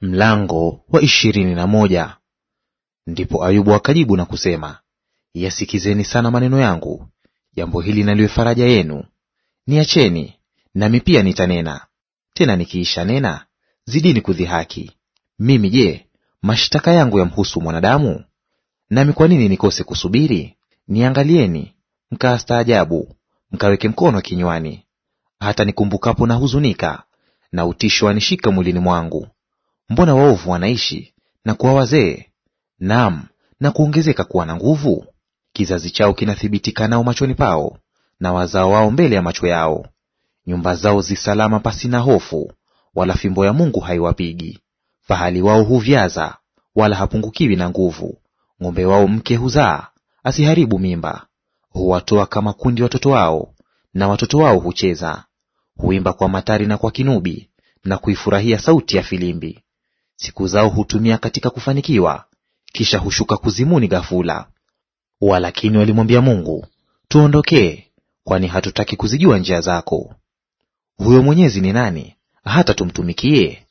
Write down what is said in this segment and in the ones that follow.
Mlango wa ishirini na moja. Ndipo Ayubu akajibu na kusema, yasikizeni sana maneno yangu, jambo hili na liwe faraja yenu. Niacheni nami pia nitanena; tena nikiisha nena, zidini kudhihaki. Mimi je, mashtaka yangu yamhusu mwanadamu? Nami kwa nini nikose kusubiri? Niangalieni mkaastaajabu, mkaweke mkono kinywani. Hata nikumbukapo na huzunika, na utisho anishika mwilini mwangu. Mbona waovu wanaishi na kuwa wazee, naam na kuongezeka kuwa na nguvu? Kizazi chao kinathibitika nao machoni pao, na wazao wao mbele ya macho yao. Nyumba zao zisalama pasina hofu, wala fimbo ya Mungu haiwapigi. Fahali wao huvyaza, wala hapungukiwi na nguvu. Ng'ombe wao mke huzaa, asiharibu mimba. Huwatoa kama kundi watoto wao, na watoto wao hucheza. Huimba kwa matari na kwa kinubi, na kuifurahia sauti ya filimbi siku zao hutumia katika kufanikiwa, kisha hushuka kuzimuni ghafula. Walakini walimwambia Mungu, tuondokee, kwani hatutaki kuzijua njia zako. Huyo Mwenyezi ni nani hata tumtumikie?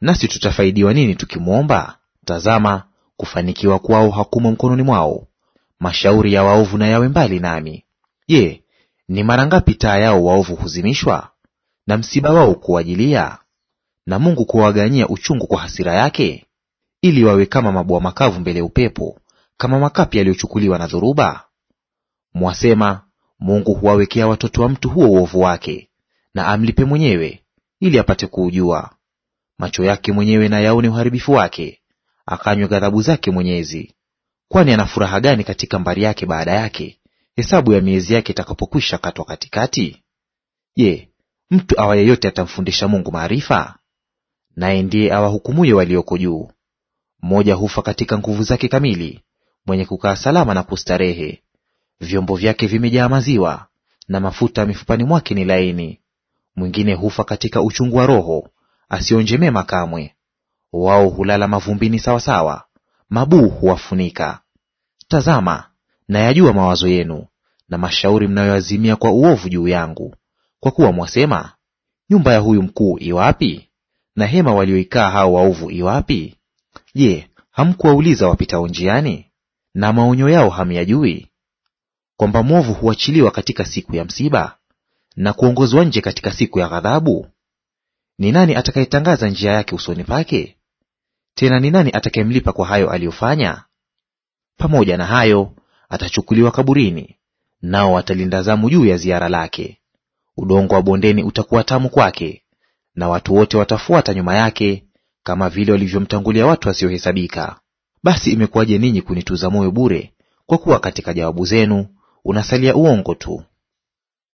Nasi tutafaidiwa nini tukimwomba? Tazama, kufanikiwa kwao hakumo mkononi mwao. Mashauri ya waovu na yawe mbali nami. Je, ni mara ngapi taa yao waovu huzimishwa na msiba wao kuwajilia? na Mungu kuwaganyia uchungu kwa hasira yake, ili wawe kama mabua makavu mbele ya upepo, kama makapi yaliyochukuliwa na dhoruba? Mwasema, Mungu huwawekea watoto wa mtu huo uovu wake, na amlipe mwenyewe, ili apate kuujua. Macho yake mwenyewe na yaone uharibifu wake, akanywe ghadhabu zake Mwenyezi. Kwani ana furaha gani katika mbari yake baada yake, hesabu ya miezi yake itakapokwisha katwa katikati? Je, mtu awaye yote atamfundisha Mungu maarifa? naye ndiye awahukumuye walioko juu. Mmoja hufa katika nguvu zake kamili, mwenye kukaa salama na kustarehe. Vyombo vyake vimejaa maziwa, na mafuta mifupani mwake ni laini. Mwingine hufa katika uchungu wa roho, asionje mema kamwe. Wao hulala mavumbini sawasawa, mabuu huwafunika. Tazama, nayajua mawazo yenu na mashauri mnayoazimia kwa uovu juu yangu, kwa kuwa mwasema, nyumba ya huyu mkuu iwapi? na hema walioikaa hao waovu iwapi? Je, hamkuwauliza wapitao njiani? Na maonyo yao hamyajui? Kwamba mwovu huachiliwa katika siku ya msiba, na kuongozwa nje katika siku ya ghadhabu? Ni nani atakayetangaza njia yake usoni pake? Tena ni nani atakayemlipa kwa hayo aliyofanya? Pamoja na hayo atachukuliwa kaburini, nao watalinda zamu juu ya ziara lake. Udongo wa bondeni utakuwa tamu kwake, na watu wote watafuata nyuma yake kama vile walivyomtangulia watu wasiohesabika. Basi imekuwaje ninyi kunituza moyo bure? Kwa kuwa katika jawabu zenu unasalia uongo tu.